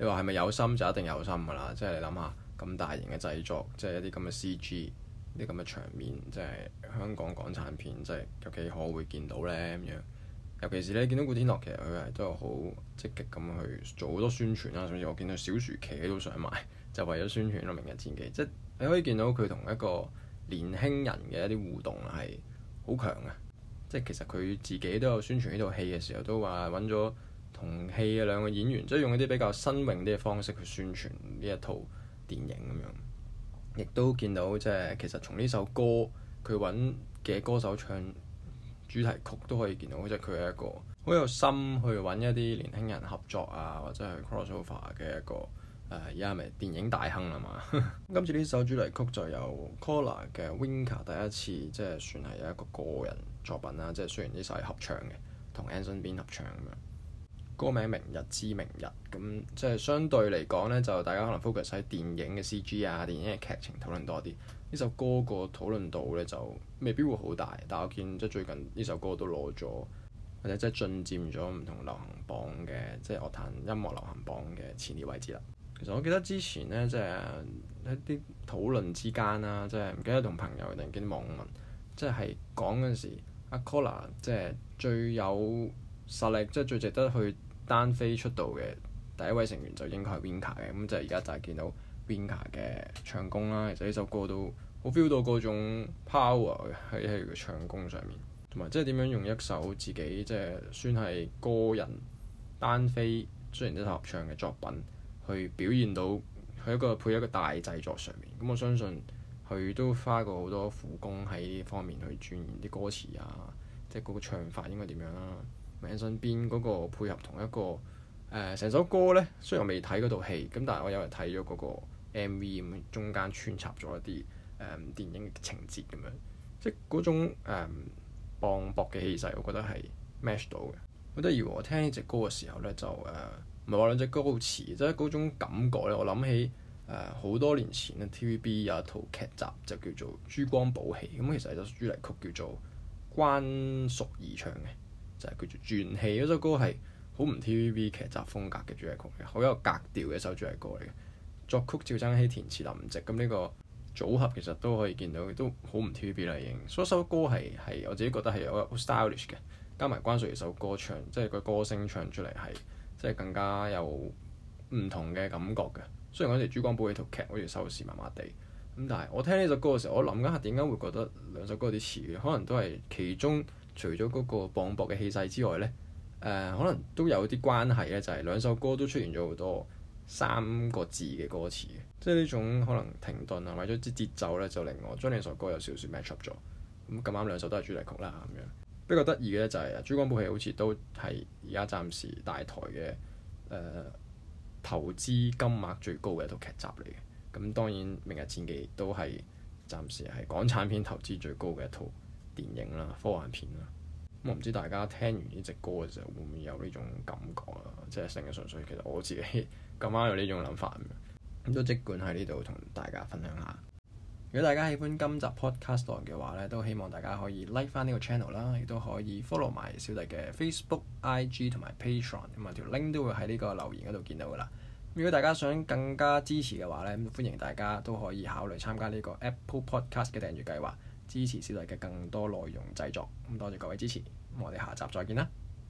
你話係咪有心就一定有心噶啦？即係你諗下咁大型嘅製作，即係一啲咁嘅 CG，啲咁嘅場面，即係香港港產片，即係有幾可會見到咧咁樣。尤其是你見到古天樂，其實佢係都係好積極咁去做好多宣傳啦。甚至我見到小薯茄都上埋，就為咗宣傳咯《明日戰記》。即係你可以見到佢同一個年輕人嘅一啲互動係好強嘅。即係其實佢自己都有宣傳呢套戲嘅時候，都話揾咗。同戲嘅兩個演員，即係用一啲比較新穎啲嘅方式去宣傳呢一套電影咁樣，亦都見到即係其實從呢首歌佢揾嘅歌手唱主題曲都可以見到，即係佢係一個好有心去揾一啲年輕人合作啊，或者係 crossover 嘅一個誒，而家咪電影大亨啊嘛。 今次呢首主題曲就由 COLLAR 嘅 Winka 第一次即係算係一個個人作品啦。即係雖然呢首係合唱嘅，同 Anson Bean 合唱咁樣。歌名《明日之明日》，咁即係相對嚟講呢，就大家可能 focus 喺電影嘅 CG 啊，電影嘅劇情討論多啲。呢首歌個討論度呢，就未必會好大，但係我見即係最近呢首歌都攞咗，或者即係進佔咗唔同流行榜嘅即係樂壇音樂流行榜嘅前列位置啦。其實我記得之前呢，即係喺啲討論之間啦，即係唔記得同朋友定跟啲網民，即係講嗰陣時，阿 COLLAR 即係最有實力，即係最值得去。單飛出道嘅第一位成員就應該係 Winka 嘅，咁就而家就係見到 Winka 嘅唱功啦。其實呢首歌都好 feel 到嗰種 power 喺喺佢唱功上面，同埋即係點樣用一首自己即係、就是、算係個人單飛雖然一合唱嘅作品，去表現到佢一個配一個大製作上面。咁我相信佢都花過好多苦功喺呢方面去鑽研啲歌詞啊，即係嗰個唱法應該點樣啦。名 ANSONBEAN 嗰個配合同一個誒成、呃、首歌咧，雖然我未睇嗰套戲，咁但係我有日睇咗嗰個 M V 咁，中間穿插咗一啲誒、呃、電影嘅情節咁樣，即係嗰種、呃、磅礴嘅氣勢，我覺得係 match 到嘅。我覺得而我聽呢隻歌嘅時候咧，就誒唔係話兩隻歌詞，即係嗰種感覺咧，我諗起誒好、呃、多年前咧，T V B 有一套劇集就叫做《珠光寶氣》，咁其實係首主題曲叫做關淑怡唱嘅。就係叫做傳《傳奇》嗰首歌係好唔 T.V.B. 劇集風格嘅主題曲嚟，好有格調嘅一首主題歌嚟嘅。作曲趙增熙、填詞林夕。咁呢個組合其實都可以見到，都好唔 T.V.B. 類型。所以首歌係係我自己覺得係有一好 stylish 嘅。加埋關淑怡首歌唱，即係個歌聲唱出嚟係即係更加有唔同嘅感覺嘅。雖然嗰時《珠光寶氣》套劇好似收視麻麻地，咁但係我聽呢首歌嘅時候，我諗緊下點解會覺得兩首歌有啲似嘅，可能都係其中。除咗嗰個磅礴嘅氣勢之外呢，誒、呃、可能都有啲關係呢，就係、是、兩首歌都出現咗好多三個字嘅歌詞，即係呢種可能停頓啊，或者啲節奏呢、啊，就令我將兩首歌有少少 match up 咗，咁咁啱兩首都係主題曲啦咁樣。比較得意嘅呢就係、是《珠光寶氣》好似都係而家暫時大台嘅、呃、投資金額最高嘅一套劇集嚟嘅，咁當然《明日戰記》都係暫時係港產片投資最高嘅一套。電影啦，科幻片啦。咁我唔知大家聽完呢隻歌嘅時候會唔會有呢種感覺啊？即係成日純粹其實我自己咁 啱有呢種諗法咁，都即管喺呢度同大家分享下。如果大家喜歡今集 podcast 嘅話呢都希望大家可以 like 翻呢個 channel 啦，亦都可以 follow 埋小弟嘅 Facebook、IG 同埋 Patreon，咁啊條 link 都會喺呢個留言嗰度見到噶啦。如果大家想更加支持嘅話呢咁歡迎大家都可以考慮參加呢個 Apple Podcast 嘅訂閱計劃。支持小弟嘅更多內容製作，咁多謝各位支持，我哋下集再見啦。